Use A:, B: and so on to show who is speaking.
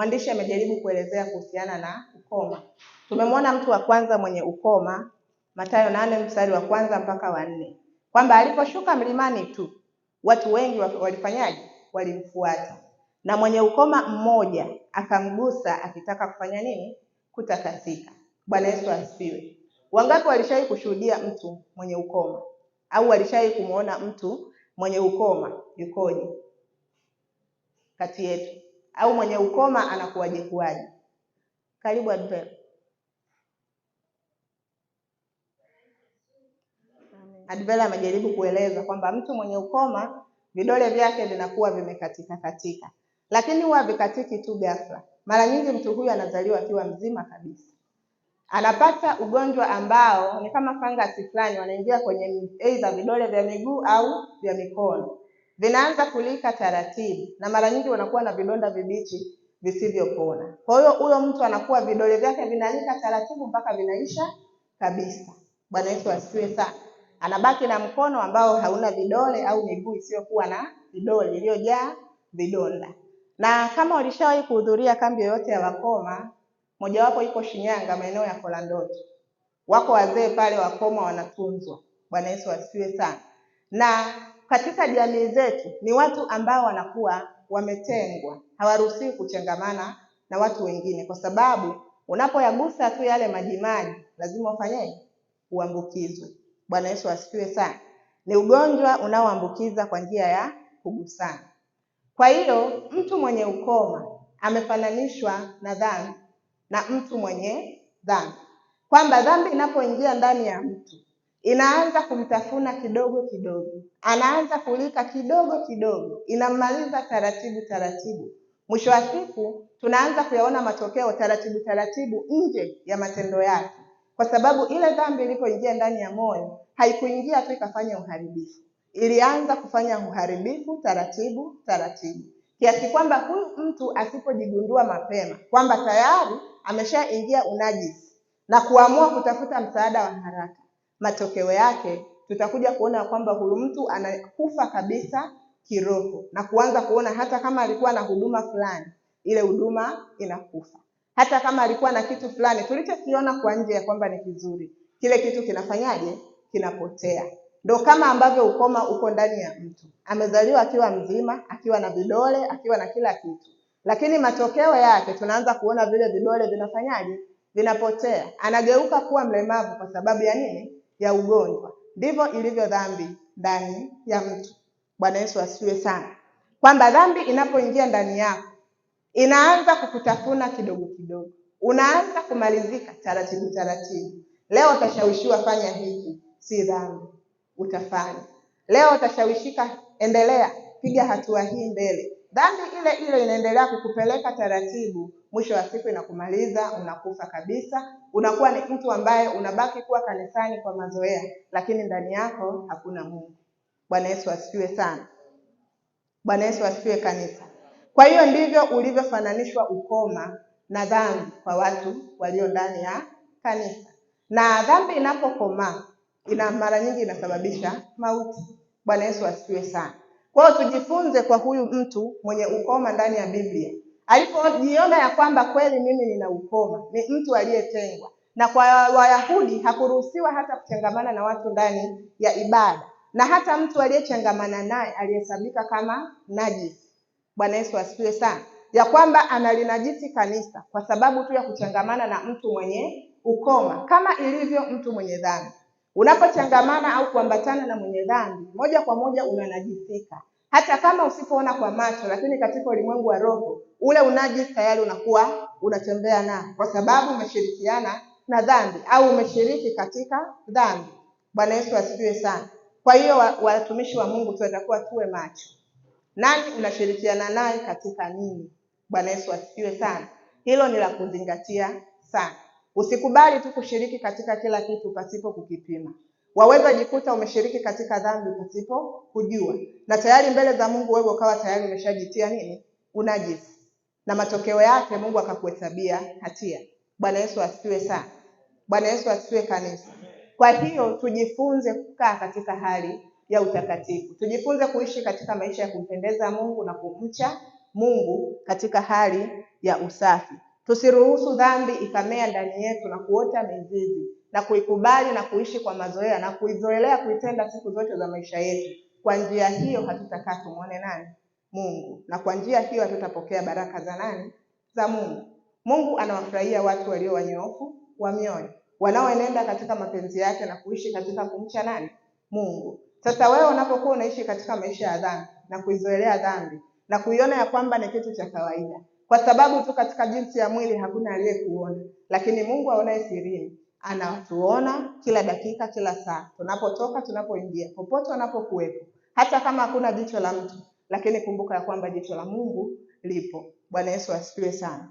A: mwandishi amejaribu kuelezea kuhusiana na ukoma. Tumemwona mtu wa kwanza mwenye ukoma Mathayo nane mstari wa kwanza mpaka wa nne kwamba aliposhuka mlimani tu watu wengi walifanyaje? Walimfuata, na mwenye ukoma mmoja akamgusa akitaka kufanya nini? Kutakasika. Bwana Yesu asifiwe. Wangapi walishawahi kushuhudia mtu mwenye ukoma au walishawahi kumwona mtu mwenye ukoma yukoje kati yetu? au mwenye ukoma anakuwaje kuwaje? Karibu Advera. Advera amejaribu kueleza kwamba mtu mwenye ukoma vidole vyake vinakuwa vimekatika katika, lakini huwa vikatiki tu ghafla. Mara nyingi mtu huyu anazaliwa akiwa mzima kabisa, anapata ugonjwa ambao ni kama fangasi fulani, wanaingia kwenye aidha vidole vya miguu au vya mikono vinaanza kulika taratibu, na mara nyingi wanakuwa na vidonda vibichi visivyopona. Kwa hiyo huyo mtu anakuwa vidole vyake vinalika taratibu mpaka vinaisha kabisa. Bwana Yesu asifiwe sana. Anabaki na mkono ambao hauna vidole au miguu isiyokuwa na vidole iliyojaa vidonda. Na kama ulishawahi kuhudhuria kambi yoyote ya wakoma, mojawapo iko Shinyanga, maeneo ya Kolandoto, wako wazee pale wakoma wanatunzwa. Bwana Yesu asifiwe sana na katika jamii zetu ni watu ambao wanakuwa wametengwa, hawaruhusiwi kuchangamana na watu wengine, kwa sababu unapoyagusa tu yale majimaji lazima ufanyeje? Uambukizwe. Bwana Yesu asifiwe sana. Ni ugonjwa unaoambukiza kwa njia ya kugusana. Kwa hiyo mtu mwenye ukoma amefananishwa na dhambi na mtu mwenye dhambi, kwamba dhambi inapoingia ndani ya mtu inaanza kumtafuna kidogo kidogo, anaanza kulika kidogo kidogo, inammaliza taratibu taratibu. Mwisho wa siku tunaanza kuyaona matokeo taratibu taratibu nje ya matendo yake, kwa sababu ile dhambi ilipoingia ndani ya moyo haikuingia tu ikafanya uharibifu, ilianza kufanya uharibifu taratibu taratibu, kiasi kwamba huyu mtu asipojigundua mapema kwamba tayari ameshaingia unajisi na kuamua kutafuta msaada wa haraka matokeo yake tutakuja kuona kwamba huyu mtu anakufa kabisa kiroho na kuanza kuona hata kama alikuwa na huduma fulani, ile huduma inakufa. Hata kama alikuwa na kitu fulani tulichokiona kwa nje ya kwamba ni kizuri, kile kitu kinafanyaje? Kinapotea. Ndo kama ambavyo ukoma uko ndani ya mtu, amezaliwa akiwa mzima, akiwa na vidole, akiwa na kila kitu, lakini matokeo yake tunaanza kuona vile vidole vinafanyaje? Vinapotea, anageuka kuwa mlemavu. Kwa sababu ya nini? ya ugonjwa. Ndivyo ilivyo dhambi ndani ya mtu. Bwana Yesu asiwe sana, kwamba dhambi inapoingia ndani yako inaanza kukutafuna kidogo kidogo, unaanza kumalizika taratibu taratibu. Leo utashawishiwa fanya hiki, si dhambi, utafanya. Leo utashawishika, endelea, piga hatua hii mbele Dhambi ile ile inaendelea kukupeleka taratibu, mwisho wa siku inakumaliza, unakufa kabisa. Unakuwa ni mtu ambaye unabaki kuwa kanisani kwa mazoea, lakini ndani yako hakuna Mungu. Bwana Yesu asifiwe sana. Bwana Yesu asifiwe kanisa. Kwa hiyo ndivyo ulivyofananishwa ukoma na dhambi kwa watu walio ndani ya kanisa, na dhambi inapokomaa ina mara nyingi inasababisha mauti. Bwana Yesu asifiwe sana. Kwa hiyo tujifunze kwa huyu mtu mwenye ukoma ndani ya Biblia, alipojiona ya kwamba kweli mimi nina ukoma, ni mtu aliyetengwa na kwa Wayahudi hakuruhusiwa hata kuchangamana na watu ndani ya ibada, na hata mtu aliyechangamana naye aliyesabika kama najisi. Bwana Yesu asifiwe sana, ya kwamba analinajisi kanisa kwa sababu tu ya kuchangamana na mtu mwenye ukoma, kama ilivyo mtu mwenye dhambi. Unapochangamana au kuambatana na mwenye dhambi, moja kwa moja unanajisika, hata kama usipoona kwa macho, lakini katika ulimwengu wa roho ule unajisi tayari unakuwa unatembea na, kwa sababu umeshirikiana na dhambi au umeshiriki katika dhambi. Bwana Yesu asifiwe sana. Kwa hiyo watumishi wa Mungu tunatakiwa tuwe macho, nani unashirikiana naye katika nini? Bwana Yesu asifiwe sana. Hilo ni la kuzingatia sana. Usikubali tu kushiriki katika kila kitu pasipo kukipima. Waweza jikuta umeshiriki katika dhambi pasipo kujua, na tayari mbele za Mungu wewe ukawa tayari umeshajitia nini? Unajisi, na matokeo yake Mungu akakuhesabia hatia. Bwana Yesu asifiwe sana. Bwana Yesu asifiwe kanisa. Kwa hiyo tujifunze kukaa katika hali ya utakatifu, tujifunze kuishi katika maisha ya kumpendeza Mungu na kumcha Mungu katika hali ya usafi. Tusiruhusu dhambi ikamea ndani yetu na kuota mizizi na kuikubali na kuishi kwa mazoea na kuizoelea kuitenda siku zote za maisha yetu. Kwa njia hiyo hatutakaa tumwone nani? Mungu. Na kwa njia hiyo hatutapokea baraka za nani? Za Mungu. Mungu anawafurahia watu walio wanyofu wa mioyo, wanaoenenda katika mapenzi yake na kuishi katika kumcha nani? Mungu. Sasa wewe unapokuwa unaishi katika maisha ya dhambi na kuizoelea dhambi na kuiona ya kwamba ni kitu cha kawaida kwa sababu tu katika jinsi ya mwili hakuna aliyekuona, lakini Mungu aonaye sirini anatuona kila dakika, kila saa, tunapotoka, tunapoingia, popote wanapokuwepo, hata kama hakuna jicho la mtu, lakini kumbuka ya kwamba jicho la Mungu lipo. Bwana Yesu asifiwe sana.